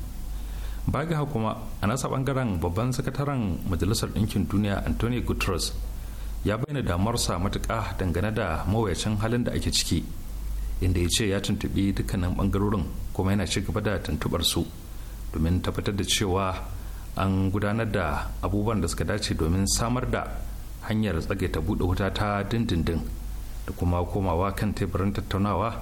baga kuma a nasa bangaren babban sakataren majalisar ɗinkin duniya antonio guterres ya bayyana damarsa matuƙa dangane da mawuyacin halin da ake ciki inda ya ce ya tuntuɓi dukkanin bangarorin kuma yana ci gaba da tuntuɓar su domin tabbatar da cewa an gudanar da abubuwan da suka dace domin samar da hanyar tsage ta buɗe wuta ta dindindin da kuma komawa kan teburin tattaunawa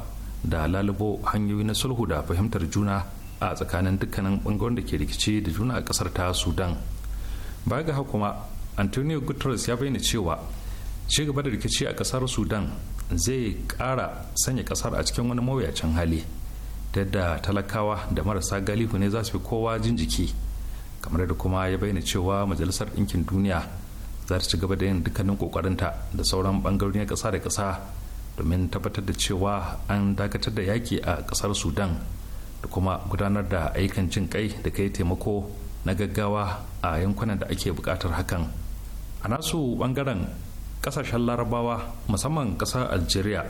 da lalubo hanyoyi na sulhu da fahimtar juna a tsakanin dukkanin bangon da ke rikici da juna a kasar ta sudan baya ga kuma antonio guterres ya bayyana cewa ci gaba da rikici a kasar sudan zai kara sanya kasar a cikin wani mawuyacin hali da da talakawa da marasa galihu ne za su fi kowa jin jiki kamar da kuma ya bayyana cewa majalisar ɗinkin duniya za ta ci gaba da yin dukkanin kokarinta da sauran bangarori na ƙasa da kasa domin tabbatar da cewa an dakatar da yaki a kasar sudan da kuma gudanar da aikan jin kai da kai taimako na gaggawa a yankunan da ake bukatar hakan a nasu bangaren kasashen larabawa musamman kasar algeria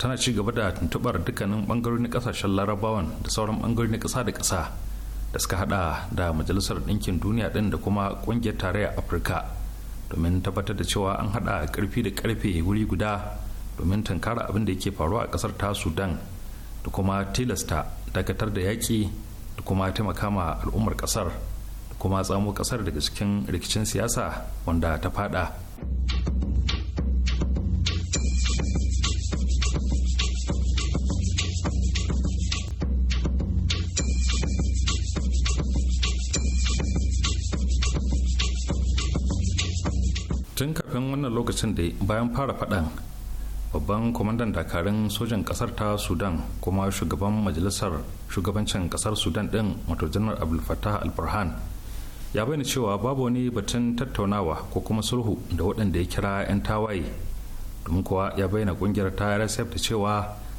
tana ci gaba da tuntubar dukkanin bangarorin kasashen larabawan da sauran bangarorin kasa da kasa da suka hada da majalisar ɗinkin duniya ɗin da kuma ƙungiyar tarayyar afirka domin tabbatar da cewa an haɗa karfi da karfe wuri guda domin tankara abin da yake faruwa a ƙasar ta sudan da kuma tilasta dakatar da yaƙi da kuma taimaka ma al'ummar ƙasar da kuma tsamo ƙasar daga cikin rikicin siyasa wanda ta fada tun kafin wannan lokacin da bayan fara faɗan babban kwamandan dakarun sojan kasar ta sudan kuma shugaban majalisar shugabancin ƙasar sudan din wato janar abdul fattah al ya bayyana cewa babu wani batun tattaunawa ko kuma sulhu da waɗanda ya kira 'yan tawaye domin kuwa ya bayyana kungiyar ta rsf da cewa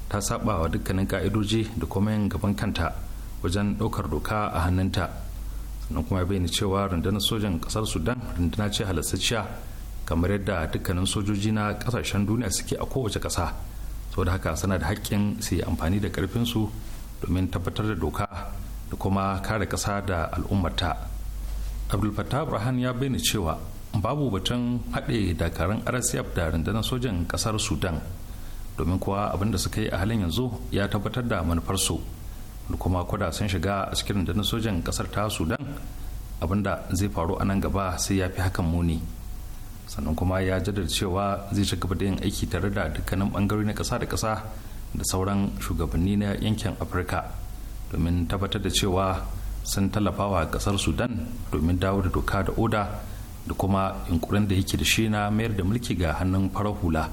ta saba wa dukkanin ka'idoji da kuma yin gaban kanta wajen ɗaukar doka a hannunta sannan kuma ya bayyana cewa rundunar sojan kasar sudan runduna ce halastaciya kamar yadda dukkanin sojoji na kasashen duniya suke a kowace ƙasa da haka suna da haƙƙin su yi amfani da ƙarfinsu domin tabbatar da doka da kuma kare ƙasa da al'ummata abdul ya bayyana cewa babu batun haɗe dakarun rsf da rundunar sojan ƙasar sudan domin kuwa abin da suka yi a halin yanzu ya tabbatar da manufarsu da kuma kwada sun shiga a cikin rundunar sojan ƙasar ta sudan abin da zai faru a nan gaba sai ya fi hakan muni. sannan kuma ya jaddada cewa zai ci gaba da yin aiki tare da dukkanin bangarori na kasa da kasa da sauran shugabanni na yankin afirka domin tabbatar da cewa sun tallafa wa ƙasar sudan domin dawo da doka da oda da kuma yunkurin da yake da shi na mayar da mulki ga hannun farar hula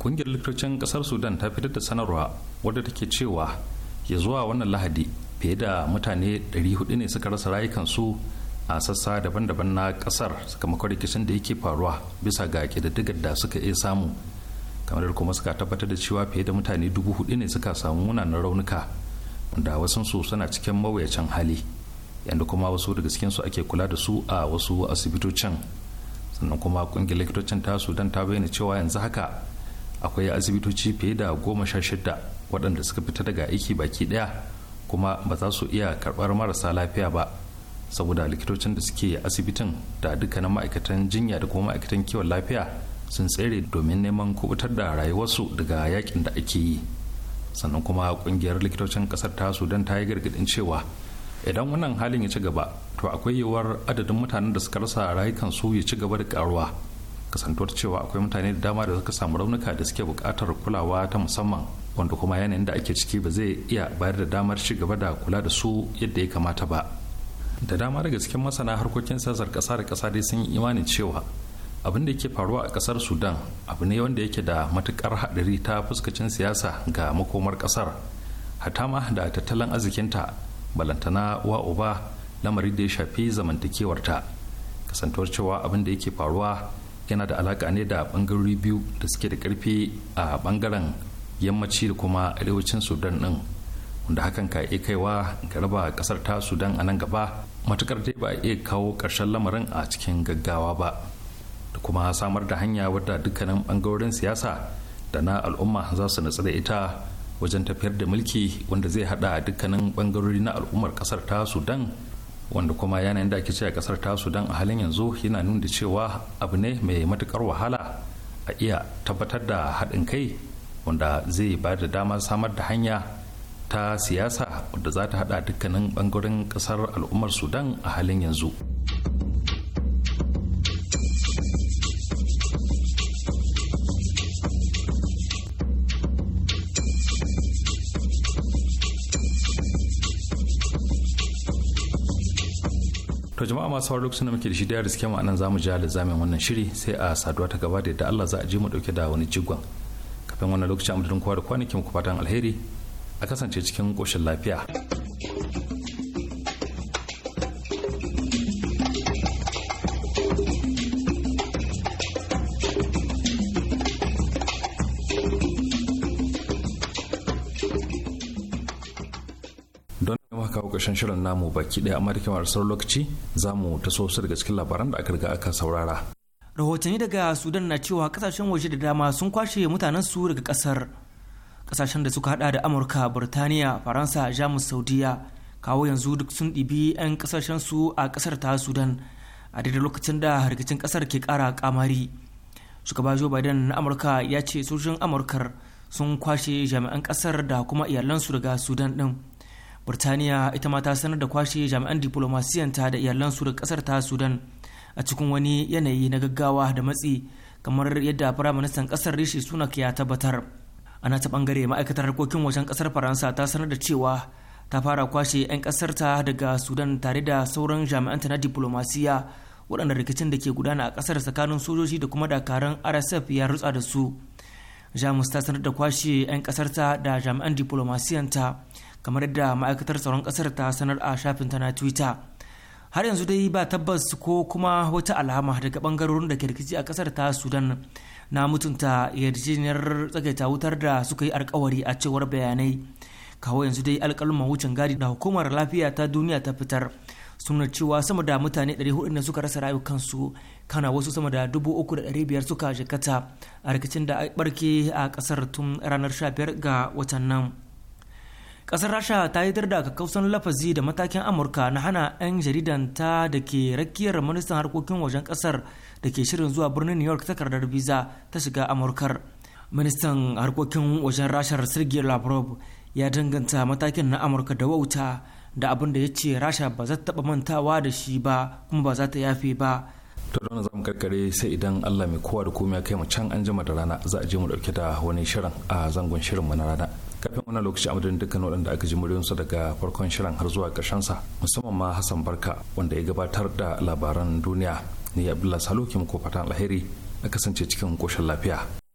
ƙungiyar likitocin ƙasar sudan ta fitar da sanarwa wadda take cewa ya zuwa wannan lahadi fiye da mutane 400 ne suka rasa rayukansu a sassa daban-daban na kasar sakamakon rikicin da yake faruwa bisa ga kididdigar da suka iya samu kamar kuma suka tabbatar da cewa fiye da mutane dubu hudu ne suka samu munanan raunuka wanda wasu su suna cikin mawuyacin hali yadda kuma wasu daga cikin su ake kula da su a wasu asibitocin sannan kuma kungiyar likitocin ta sudan ta bayyana cewa yanzu haka akwai asibitoci fiye da goma sha shida waɗanda suka fita daga aiki baki ɗaya kuma ba za su iya karɓar marasa lafiya ba saboda likitocin da suke asibitin da dukkanin ma'aikatan jinya da kuma ma'aikatan kiwon lafiya sun tsere domin neman kubutar da rayuwarsu daga yakin da ake yi sannan kuma kungiyar likitocin kasar ta sudan ta yi gargadin cewa idan wannan halin ya ci gaba to akwai yiwuwar adadin mutanen da suka rasa rayukan su ya ci gaba da karuwa kasantuwar cewa akwai mutane da dama da suka samu raunuka da suke buƙatar kulawa ta musamman wanda kuma yanayin da ake ciki ba zai iya bayar da damar ci gaba da kula da su yadda ya kamata ba da dama daga cikin masana harkokin siyasar ƙasa da ƙasa dai sun yi imanin cewa abin da yake faruwa a ƙasar sudan abu ne wanda yake da matukar haɗari ta fuskacin siyasa ga makomar ƙasar hata ma da tattalin arzikinta balantana wa uba lamari da ya shafi zamantakewarta kasantuwar cewa abin da yake faruwa yana da alaka ne da ɓangarori biyu da suke da karfi a bangaren yammaci da kuma arewacin sudan din wanda hakan ka iya kaiwa ga raba ƙasar ta sudan a nan gaba matukar dai ba iya kawo ƙarshen lamarin a cikin gaggawa ba da kuma samar da hanya wadda dukkanin bangarorin siyasa da na al'umma za su nutsu da ita wajen tafiyar da mulki wanda zai hada dukkanin bangarori na al'ummar kasar ta sudan wanda kuma yanayin da ake ce a kasar ta sudan a halin yanzu yana nuna da cewa abu ne mai matukar wahala a iya tabbatar da haɗin kai wanda zai ba da dama samar da hanya ta siyasa wadda za ta hada dukkanin bangaren kasar al'ummar sudan a halin yanzu to jama'a masu hawar lokacin da muke da shi da riske ma'anan za mu ja da zamin wannan shiri sai a saduwa ta gaba da yadda allah za a ji mu dauke da wani jigon kafin wannan lokacin amudurin kowa da kwanakin ku fatan alheri a kasance cikin ƙoshin lafiya. ƙarshen shirin namu baki ɗaya amma da kamar lokaci za mu taso su daga cikin labaran da aka riga aka saurara. Rahotanni daga Sudan na cewa kasashen waje da dama sun kwashe mutanen su daga ƙasar. kasashen da suka hada da amurka birtaniya faransa jamus saudiya kawo yanzu duk sun ɗibi 'yan kasashen su a kasar ta sudan a daidai lokacin da rikicin kasar ke kara kamari shugaba joe biden na amurka ya ce sojin amurkar sun kwashe jami'an kasar da kuma iyalansu daga sudan din birtaniya ita ma ta sanar da kwashe jami'an diplomasiyanta da iyalansu daga kasar ta sudan a cikin wani yanayi na gaggawa da matsi kamar yadda firaministan kasar rishi sunak ya tabbatar ana ta bangare ma'aikatar harkokin wajen kasar faransa ta sanar da cewa ta fara kwashe 'yan kasarta daga sudan tare da sauran jami'anta na diplomasiya waɗanda rikicin da ke gudana a kasar tsakanin sojoji da kuma dakarun rsf ya rutsa da su jamus ta sanar da kwashe 'yan kasarta da jami'an diplomasiyanta kamar da ma'aikatar tsaron kasar ta sanar a shafin ta na twitter har yanzu dai ba tabbas ko kuma wata alama daga bangarorin da ke rikici a kasar ta sudan na mutunta yarjejeniyar tsagaita wutar da suka yi alkawari a cewar bayanai kawo yanzu dai alkalman wucin gadi da hukumar lafiya ta duniya ta fitar suna cewa sama da mutane 400 ne suka rasa rayukansu kana wasu sama da 3,500 suka jikata a rikicin da barke a kasar tun ranar 15 ga watan nan kasar rasha ta yi da kakkausan lafazi da matakin amurka na hana 'yan jaridan ta da ke rakiyar ministan harkokin wajen kasar da ke shirin zuwa birnin new york takardar visa ta shiga amurkar ministan harkokin wajen rashar sergei lavrov ya danganta matakin na amurka da wauta da abin da ya ce rasha ba za ta taɓa mantawa da shi ba kuma ba za ta yafe ba to da za mu karkare sai idan allah mai kowa da komai ya kai mu can an jima da rana za a je mu dauke da wani shirin a zangon shirin mu na rana kafin wannan lokaci a madadin dukkan waɗanda aka ji muryarsa daga farkon shirin har zuwa sa musamman ma hassan barka wanda ya gabatar da labaran duniya ne abdullahi salo ke muku fatan alheri a kasance cikin koshin lafiya